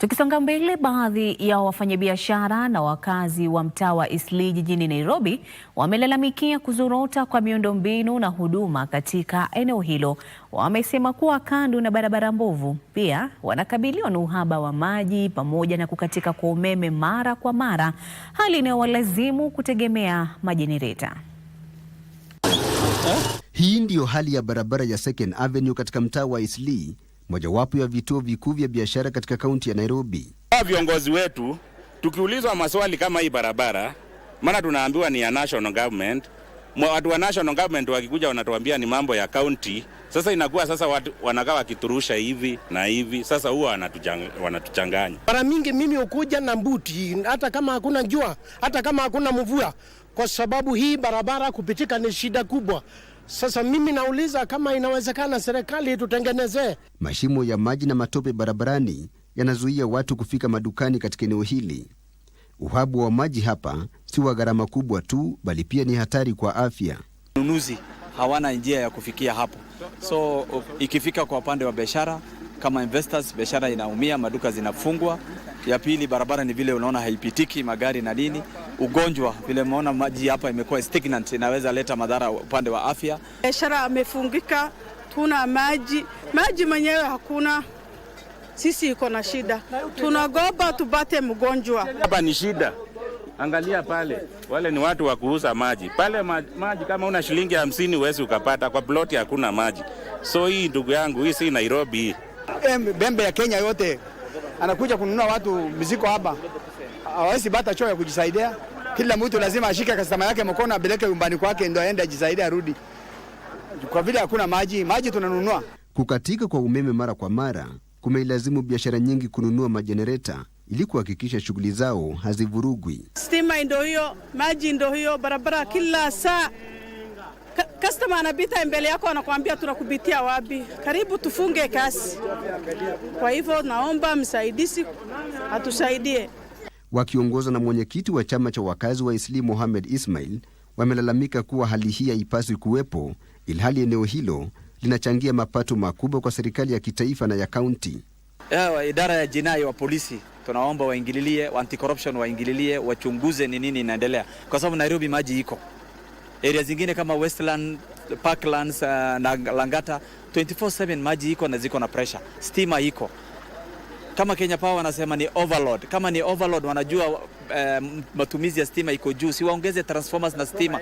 Tukisonga mbele, baadhi ya wafanyabiashara na wakazi wa mtaa wa Eastleigh jijini Nairobi wamelalamikia kuzorota kwa miundombinu na huduma katika eneo hilo. Wamesema kuwa kando na barabara mbovu, pia wanakabiliwa na uhaba wa maji pamoja na kukatika kwa umeme mara kwa mara, hali inayowalazimu kutegemea majenereta. Hii ndiyo hali ya barabara ya Second Avenue katika mtaa wa Eastleigh mojawapo ya vituo vikuu vya biashara katika kaunti ya Nairobi. Viongozi wetu tukiulizwa maswali kama hii barabara, maana tunaambiwa ni ya national government. Watu wa national government wakikuja wanatuambia ni mambo ya kaunti. Sasa inakuwa sasa watu wanakaa wakiturusha hivi na hivi, sasa huwa wanatuchanganya. Mara mingi mimi hukuja na mbuti, hata kama hakuna jua, hata kama hakuna mvua, kwa sababu hii barabara kupitika ni shida kubwa. Sasa mimi nauliza kama inawezekana serikali tutengenezee. Mashimo ya maji na matope barabarani yanazuia watu kufika madukani katika eneo hili. Uhabu wa maji hapa si wa gharama kubwa tu, bali pia ni hatari kwa afya. Wanunuzi hawana njia ya kufikia hapo, so ikifika kwa upande wa biashara, kama investors, biashara inaumia, maduka zinafungwa. Ya pili, barabara ni vile unaona haipitiki magari na nini ugonjwa, vile mmeona maji hapa imekuwa stagnant, inaweza leta madhara upande wa afya. Biashara amefungika, tuna maji maji mwenyewe hakuna sisi iko na shida, tunagoba tupate mgonjwa hapa. Ni shida, angalia pale, wale ni watu wa kuuza maji pale. Maji kama una shilingi hamsini huwezi ukapata kwa ploti, hakuna maji. So hii ndugu yangu, hii si Nairobi, hii bembe ya Kenya yote, anakuja kununua watu miziko hapa hawezi bata choo ya kujisaidia. Kila mtu lazima ashike kastama yake mkono abeleke nyumbani kwake ndo aende ajisaidia arudi, kwa vile hakuna maji. Maji tunanunua. Kukatika kwa umeme mara kwa mara kumeilazimu biashara nyingi kununua majenereta ili kuhakikisha shughuli zao hazivurugwi. Stima ndo hiyo, maji ndo hiyo, barabara kila saa Kastoma anapita mbele yako anakuambia tunakubitia wapi? Karibu tufunge kasi. Kwa hivyo naomba msaidizi atusaidie wakiongozwa na mwenyekiti wa chama cha wakazi wa Isli Mohamed Ismail wamelalamika kuwa hali hii haipaswi kuwepo, ilhali eneo hilo linachangia mapato makubwa kwa serikali ya kitaifa na ya kaunti. Eh, idara ya jinai wa polisi tunaomba waingililie, wa anti corruption waingililie, wachunguze ni nini inaendelea, kwa sababu Nairobi maji iko area zingine kama Westland, Parklands uh, na Langata 24/7 maji iko na ziko na pressure, stima iko kama Kenya Power wanasema ni overload, kama ni overload wanajua eh, matumizi ya stima iko juu, si waongeze transformers na stima.